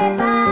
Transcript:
bye.